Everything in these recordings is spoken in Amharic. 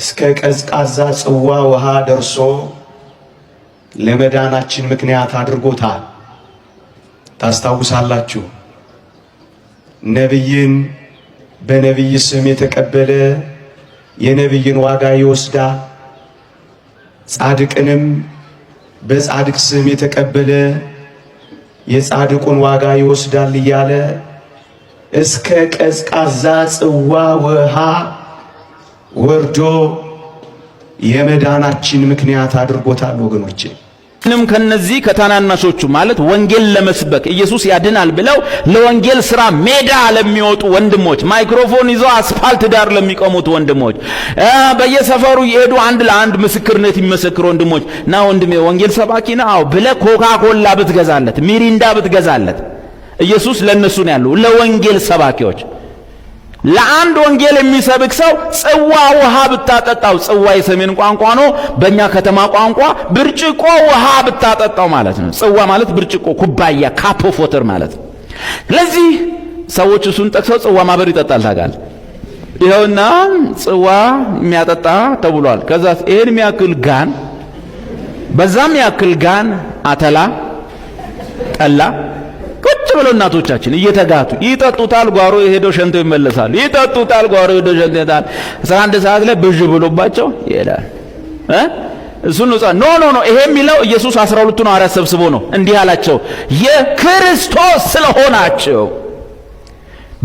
እስከ ቀዝቃዛ ጽዋ ውሃ ደርሶ ለመዳናችን ምክንያት አድርጎታል። ታስታውሳላችሁ። ነቢይን በነቢይ ስም የተቀበለ የነቢይን ዋጋ ይወስዳል። ጻድቅንም በጻድቅ ስም የተቀበለ የጻድቁን ዋጋ ይወስዳል እያለ እስከ ቀዝቃዛ ጽዋ ውሃ ወርዶ የመዳናችን ምክንያት አድርጎታል። ወገኖቼ ንም ከነዚህ ከታናናሾቹ ማለት ወንጌል ለመስበክ ኢየሱስ ያድናል ብለው ለወንጌል ስራ ሜዳ ለሚወጡ ወንድሞች፣ ማይክሮፎን ይዘው አስፋልት ዳር ለሚቆሙት ወንድሞች፣ በየሰፈሩ የሄዱ አንድ ለአንድ ምስክርነት የሚመሰክሩ ወንድሞች ና ወንድሜ ወንጌል ሰባኪ ነው አዎ ብለ ኮካ ኮላ ብትገዛለት፣ ሚሪንዳ ብትገዛለት ኢየሱስ ለእነሱ ነው ያለው ለወንጌል ሰባኪዎች ለአንድ ወንጌል የሚሰብክ ሰው ጽዋ ውሃ ብታጠጣው፣ ጽዋ የሰሜን ቋንቋ ነው። በእኛ ከተማ ቋንቋ ብርጭቆ ውሃ ብታጠጣው ማለት ነው። ጽዋ ማለት ብርጭቆ፣ ኩባያ፣ ካፕ ኦፍ ወተር ማለት ነው። ስለዚህ ሰዎች እሱን ጠቅሰው ጽዋ ማበር ይጠጣል ታጋል ይኸውና ጽዋ የሚያጠጣ ተብሏል። ከዛ ይህን የሚያክል ጋን፣ በዛም ያክል ጋን አተላ ጠላ ብለው እናቶቻችን እየተጋቱ ይጠጡታል። ጓሮ ሄደው ሸንተው ይመለሳሉ። ይጠጡታል። ጓሮ ሄደው ሸንተው ይመለሳሉ። አስራ አንድ ሰዓት ላይ ብዥ ብሎባቸው ይሄዳል። እሱ ነው ኖ ኖ ኖ ይሄ የሚለው ኢየሱስ አስራ ሁለቱን ሐዋርያት ሰብስቦ ነው እንዲህ አላቸው፣ የክርስቶስ ስለሆናቸው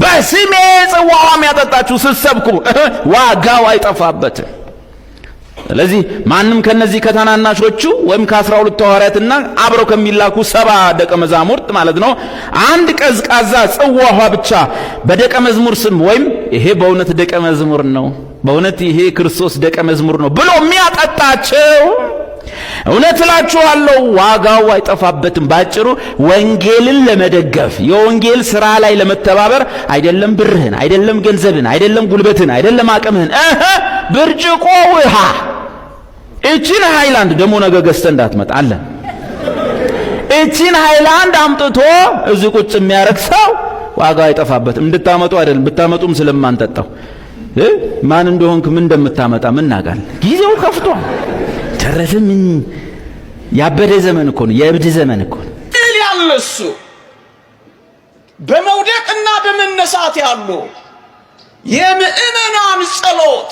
በስሜ ጽዋውን ያጠጣችሁ ስትሰብኩ ዋጋው አይጠፋበትም። ስለዚህ ማንም ከነዚህ ከታናናሾቹ ወይም ከአስራ ሁለቱ ሐዋርያትና አብረው ከሚላኩ ሰባ ደቀ መዛሙርት ማለት ነው አንድ ቀዝቃዛ ጽዋ ውሃ ብቻ በደቀ መዝሙር ስም ወይም ይሄ በእውነት ደቀ መዝሙር ነው፣ በእውነት ይሄ ክርስቶስ ደቀ መዝሙር ነው ብሎ የሚያጠጣቸው እውነት እላችኋለሁ ዋጋው አይጠፋበትም። ባጭሩ ወንጌልን ለመደገፍ የወንጌል ስራ ላይ ለመተባበር አይደለም ብርህን፣ አይደለም ገንዘብን፣ አይደለም ጉልበትን፣ አይደለም አቅምህን ብርጭቆ ውሃ እቺን ሃይላንድ ደግሞ ነገ ገዝተ እንዳትመጣ አለ። እቺን ሃይላንድ አምጥቶ እዚህ ቁጭ የሚያረግ ሰው ዋጋ አይጠፋበትም። እንድታመጡ አይደለም ብታመጡም ስለማንጠጣው ማን እንደሆንክ ምን እንደምታመጣ ምን እናውቃለን። ጊዜው ከፍቷል። ተረፈ ምን ያበደ ዘመን እኮ ነው፣ የእብድ ዘመን እኮ ነው። እሱ በመውደቅና በመነሳት ያሉ የምእመናን ጸሎት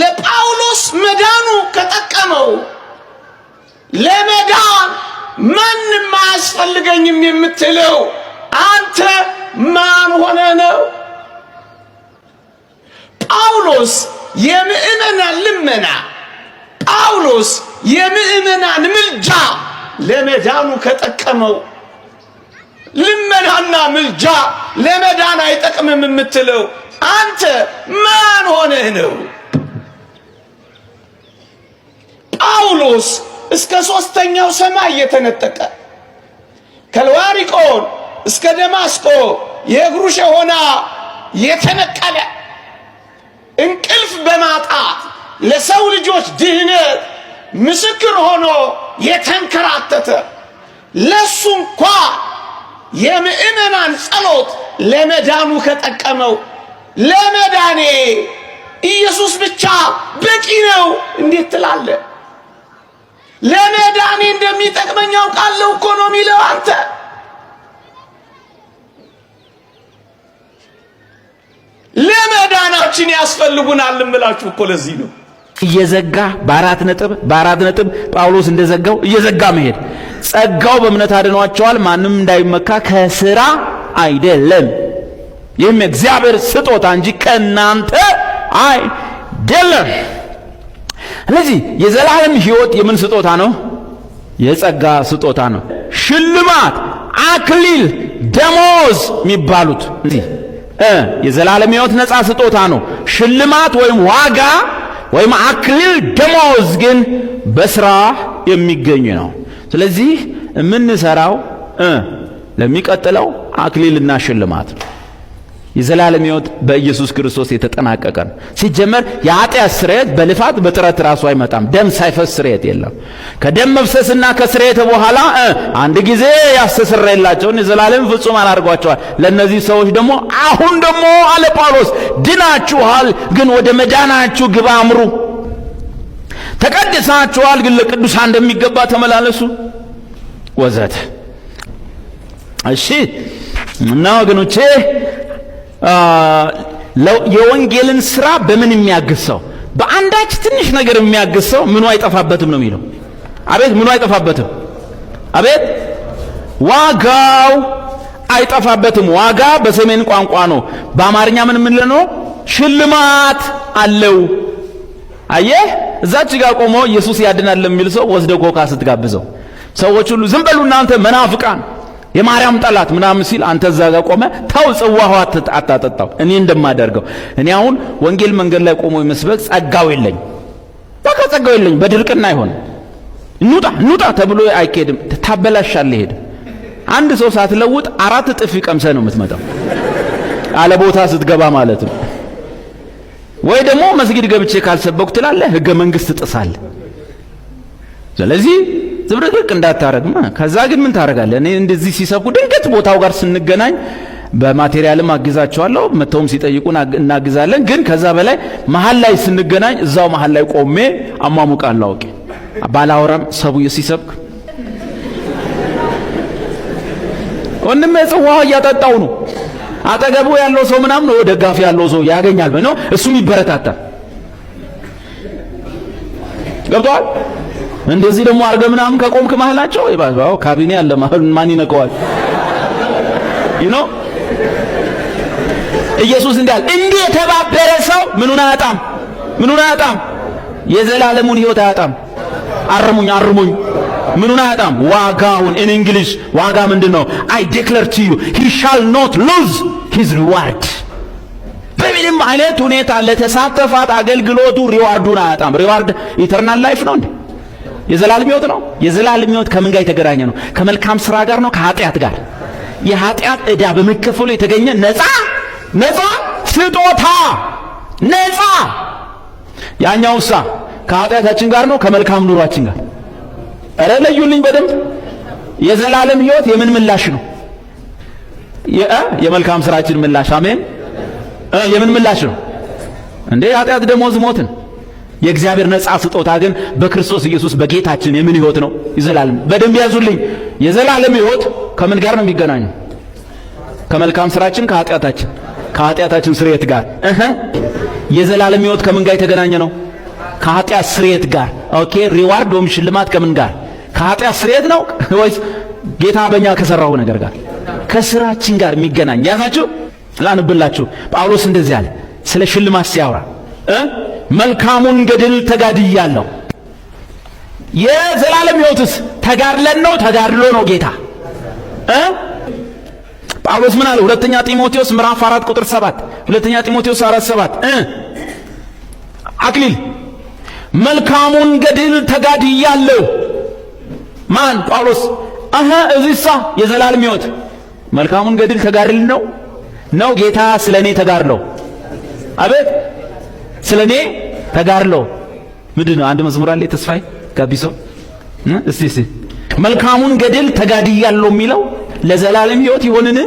ለጳውሎስ መዳኑ ከጠቀመው ለመዳን ማንም አያስፈልገኝም የምትለው አንተ ማን ሆነ ነው? ጳውሎስ የምእመናን ልመና፣ ጳውሎስ የምእመናን ምልጃ ለመዳኑ ከጠቀመው ልመናና ምልጃ ለመዳን አይጠቅምም የምትለው አንተ ማን ሆነህ ነው? ጳውሎስ እስከ ሦስተኛው ሰማይ የተነጠቀ ከልዋሪቆን እስከ ደማስቆ የእግሩ ሸሆና የተነቀለ እንቅልፍ በማጣት ለሰው ልጆች ድህነት ምስክር ሆኖ የተንከራተተ ለሱ እንኳ የምእመናን ጸሎት ለመዳኑ ከጠቀመው ለመዳኔ ኢየሱስ ብቻ በቂ ነው እንዴት ትላለህ? ለመዳኔ እንደሚጠቅመኝ አውቃለሁ እኮ ነው የሚለው። አንተ ለመዳናችን ያስፈልጉናል እምላችሁ እኮ ለዚህ ነው እየዘጋ በአራት ነጥብ በአራት ነጥብ ጳውሎስ እንደዘጋው እየዘጋ መሄድ። ጸጋው በእምነት አድኗቸዋል፣ ማንም እንዳይመካ ከስራ አይደለም። ይህም እግዚአብሔር ስጦታ እንጂ ከእናንተ አይደለም። ስለዚህ የዘላለም ሕይወት የምን ስጦታ ነው? የጸጋ ስጦታ ነው። ሽልማት፣ አክሊል፣ ደሞዝ የሚባሉት የዘላለም ሕይወት ነፃ ስጦታ ነው። ሽልማት ወይም ዋጋ ወይም አክሊል፣ ደሞዝ ግን በስራ የሚገኝ ነው። ስለዚህ የምንሰራው ለሚቀጥለው አክሊልና ሽልማት የዘላለም ሕይወት በኢየሱስ ክርስቶስ የተጠናቀቀ ነው። ሲጀመር የኃጢአት ስርየት በልፋት በጥረት ራሱ አይመጣም። ደም ሳይፈስ ስርየት የለም። ከደም መፍሰስና ከስርየት በኋላ አንድ ጊዜ ያስተሰረየላቸውን የዘላለም ፍጹም አላርጓቸዋል። ለእነዚህ ሰዎች ደግሞ አሁን ደግሞ አለ ጳውሎስ ድናችኋል፣ ግን ወደ መዳናችሁ ግብ አምሩ። ተቀድሳችኋል፣ ግን ለቅዱሳን እንደሚገባ ተመላለሱ ወዘተ። እሺ እና ወገኖቼ የወንጌልን ስራ በምን የሚያግዝ ሰው በአንዳች ትንሽ ነገር የሚያግዝ ሰው ምኑ አይጠፋበትም ነው የሚለው። አቤት ምኑ አይጠፋበትም? አቤት ዋጋው አይጠፋበትም። ዋጋ በሰሜን ቋንቋ ነው። በአማርኛ ምን የምንለው ነው? ሽልማት አለው። አየህ፣ እዛች ጋር ቆሞ ኢየሱስ ያድናል የሚል ሰው ወስደ ኮካ ስትጋብዘው ሰዎች ሁሉ ዝም በሉ እናንተ መናፍቃን የማርያም ጠላት ምናምን ሲል አንተ እዛ ጋር ቆመ ታው ጽዋው አታጠጣው። እኔ እንደማደርገው እኔ አሁን ወንጌል መንገድ ላይ ቆሞ የመስበክ ጸጋው የለኝ፣ በቃ ጸጋው የለኝ። በድርቅና አይሆንም። እንውጣ እንውጣ ተብሎ አይኬድም። ታበላሻለህ። ሄድ አንድ ሰው ሳትለውጥ አራት ጥፊ ቀምሰ ነው የምትመጣው፣ አለ ቦታ ስትገባ ማለት ነው። ወይ ደግሞ መስጊድ ገብቼ ካልሰበኩ ላለ ህገ መንግስት ጥሳል ስለዚህ ዝብርቅርቅ እንዳታረግማ። ከዛ ግን ምን ታረጋለ? እኔ እንደዚህ ሲሰብኩ ድንገት ቦታው ጋር ስንገናኝ በማቴሪያልም አግዛቸዋለሁ፣ መተውም ሲጠይቁን እናግዛለን። ግን ከዛ በላይ መሀል ላይ ስንገናኝ እዛው መሀል ላይ ቆሜ አሟሙቃለሁ። አውቄ ባላወራም ሰቡየ ሲሰብክ ወንድሜ ጽዋ እያጠጣው ነው። አጠገቡ ያለው ሰው ምናምን ደጋፊ ያለው ሰው ያገኛል ነው እሱም ይበረታታል። ገብቷል። እንደዚህ ደግሞ አርገ ምናምን ከቆምክ ማህላቸው ይባባው ካቢኔ አለ ማን ይነቀዋል? ዩ ኖ ኢየሱስ እንዲያል እንዲህ የተባበረ ሰው ምኑን አያጣም? ምኑን አያጣም? የዘላለሙን ህይወት አያጣም። አርሙኝ አርሙኝ ምኑን አያጣም? ዋጋውን ኢን እንግሊሽ ዋጋ ምንድነው? አይ ዲክለር ቱ ዩ ሂ ሻል ኖት ሉዝ ሂዝ ሪዋርድ። በምንም አይነት ሁኔታ ለተሳተፋት አገልግሎቱ ሪዋርዱን አያጣም። ሪዋርድ ኢተርናል ላይፍ ነው እንዴ የዘላለም ሕይወት ነው። የዘላለም ሕይወት ከምን ጋር የተገናኘ ነው? ከመልካም ስራ ጋር ነው፣ ከኃጢአት ጋር። የኃጢአት ዕዳ በመከፈሉ የተገኘ ነፃ ነፃ ስጦታ ነፃ። ያኛው ሳ ከኃጢአታችን ጋር ነው፣ ከመልካም ኑሯችን ጋር። እረ ለዩልኝ በደንብ። የዘላለም ሕይወት የምን ምላሽ ነው? የመልካም ስራችን ምላሽ። አሜን። የምን ምላሽ ነው እንዴ? ኃጢአት ደሞዝ ሞትን የእግዚአብሔር ነጻ ስጦታ ግን በክርስቶስ ኢየሱስ በጌታችን የምን ህይወት ነው? የዘላለም በደንብ ያዙልኝ። የዘላለም ህይወት ከምን ጋር ነው የሚገናኙ? ከመልካም ስራችን ከኃጢአታችን ከኃጢአታችን ስርየት ጋር እህ የዘላለም ህይወት ከምን ጋር የተገናኘ ነው? ከኃጢአት ስርየት ጋር ኦኬ። ሪዋርድ ወይም ሽልማት ከምን ጋር? ከኃጢአት ስርየት ነው ወይስ ጌታ በእኛ ከሰራው ነገር ጋር? ከስራችን ጋር የሚገናኝ ያዛችሁ። ላንብላችሁ። ጳውሎስ እንደዚህ አለ ስለ ሽልማት ሲያወራ መልካሙን ገድል ተጋድያለሁ። የዘላለም ሕይወትስ ተጋድለን ነው ተጋድሎ ነው ጌታ እ ጳውሎስ ምን አለ? ሁለተኛ ጢሞቴዎስ ምዕራፍ 4 ቁጥር 7 ሁለተኛ ጢሞቴዎስ 4 7 እ አክሊል መልካሙን ገድል ተጋድያለሁ። ማን ጳውሎስ? አሀ እዚሳ የዘላለም ሕይወት መልካሙን ገድል ተጋድል ነው ነው ጌታ ስለኔ እኔ ተጋድለው አቤት ስለ እኔ ተጋድሎ ምንድን ነው? አንድ መዝሙር አለ ተስፋዬ ጋቢሶ እስቲ እስቲ መልካሙን ገድል ተጋድያለሁ የሚለው ለዘላለም ህይወት ይሆንን?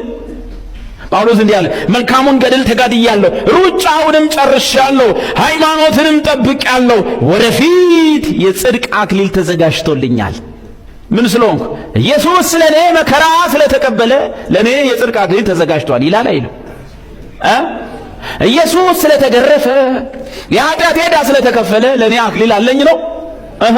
ጳውሎስ እንዲህ አለ፣ መልካሙን ገድል ተጋድያለሁ፣ ሩጫውንም ጨርሻለሁ፣ ሃይማኖትንም ጠብቄአለሁ፣ ወደፊት የጽድቅ አክሊል ተዘጋጅቶልኛል። ምን ስለሆንኩ? ኢየሱስ ስለ እኔ መከራ ስለተቀበለ ለእኔ የጽድቅ አክሊል ተዘጋጅቷል ይላል አይልም? ኢየሱስ ስለተገረፈ የኃጢአት ዕዳ ስለተከፈለ ለእኔ አክሊል አለኝ ነው። እህ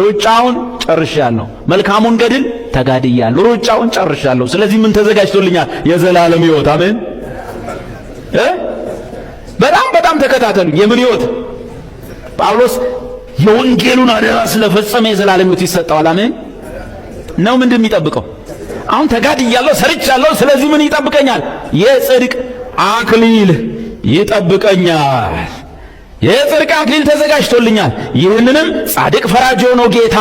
ሩጫውን ጨርሻለሁ፣ መልካሙን ገድል ተጋድያለሁ፣ ሩጫውን ጨርሻለሁ። ስለዚህ ምን ተዘጋጅቶልኛል? የዘላለም ሕይወት አሜን። በጣም በጣም ተከታተሉኝ። የምን ሕይወት ጳውሎስ የወንጌሉን አደራ ስለፈጸመ የዘላለም ሕይወት ይሰጠዋል። አሜን ነው ምንድን የሚጠብቀው? አሁን ተጋድያለሁ፣ ሰርቻለሁ። ስለዚህ ምን ይጠብቀኛል? የጽድቅ አክሊል ይጠብቀኛል። የጽድቅ አክሊል ተዘጋጅቶልኛል። ይህንንም ጻድቅ ፈራጅ የሆኖ ጌታ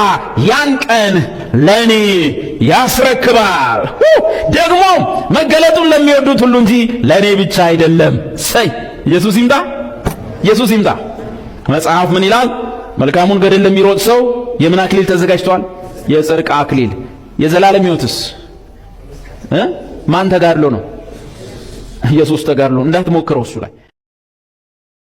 ያን ቀን ለእኔ ያስረክባል። ደግሞ መገለጡን ለሚወዱት ሁሉ እንጂ ለእኔ ብቻ አይደለም። ሰይ ኢየሱስ ይምጣ፣ ኢየሱስ ይምጣ። መጽሐፍ ምን ይላል? መልካሙን ገድል ለሚሮጥ ሰው የምን አክሊል ተዘጋጅቷል? የጽድቅ አክሊል። የዘላለም ሕይወትስ ማን ተጋድሎ ነው? ኢየሱስ ተጋድሎ እንዳትሞክረው እሱ ላይ